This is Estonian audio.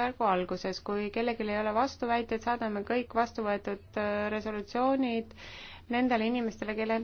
praegu alguses, kui kellelgi ei ole vastuväiteid, saadame kõik vastuvõetud äh, resolutsioonid nendele inimestele, kellel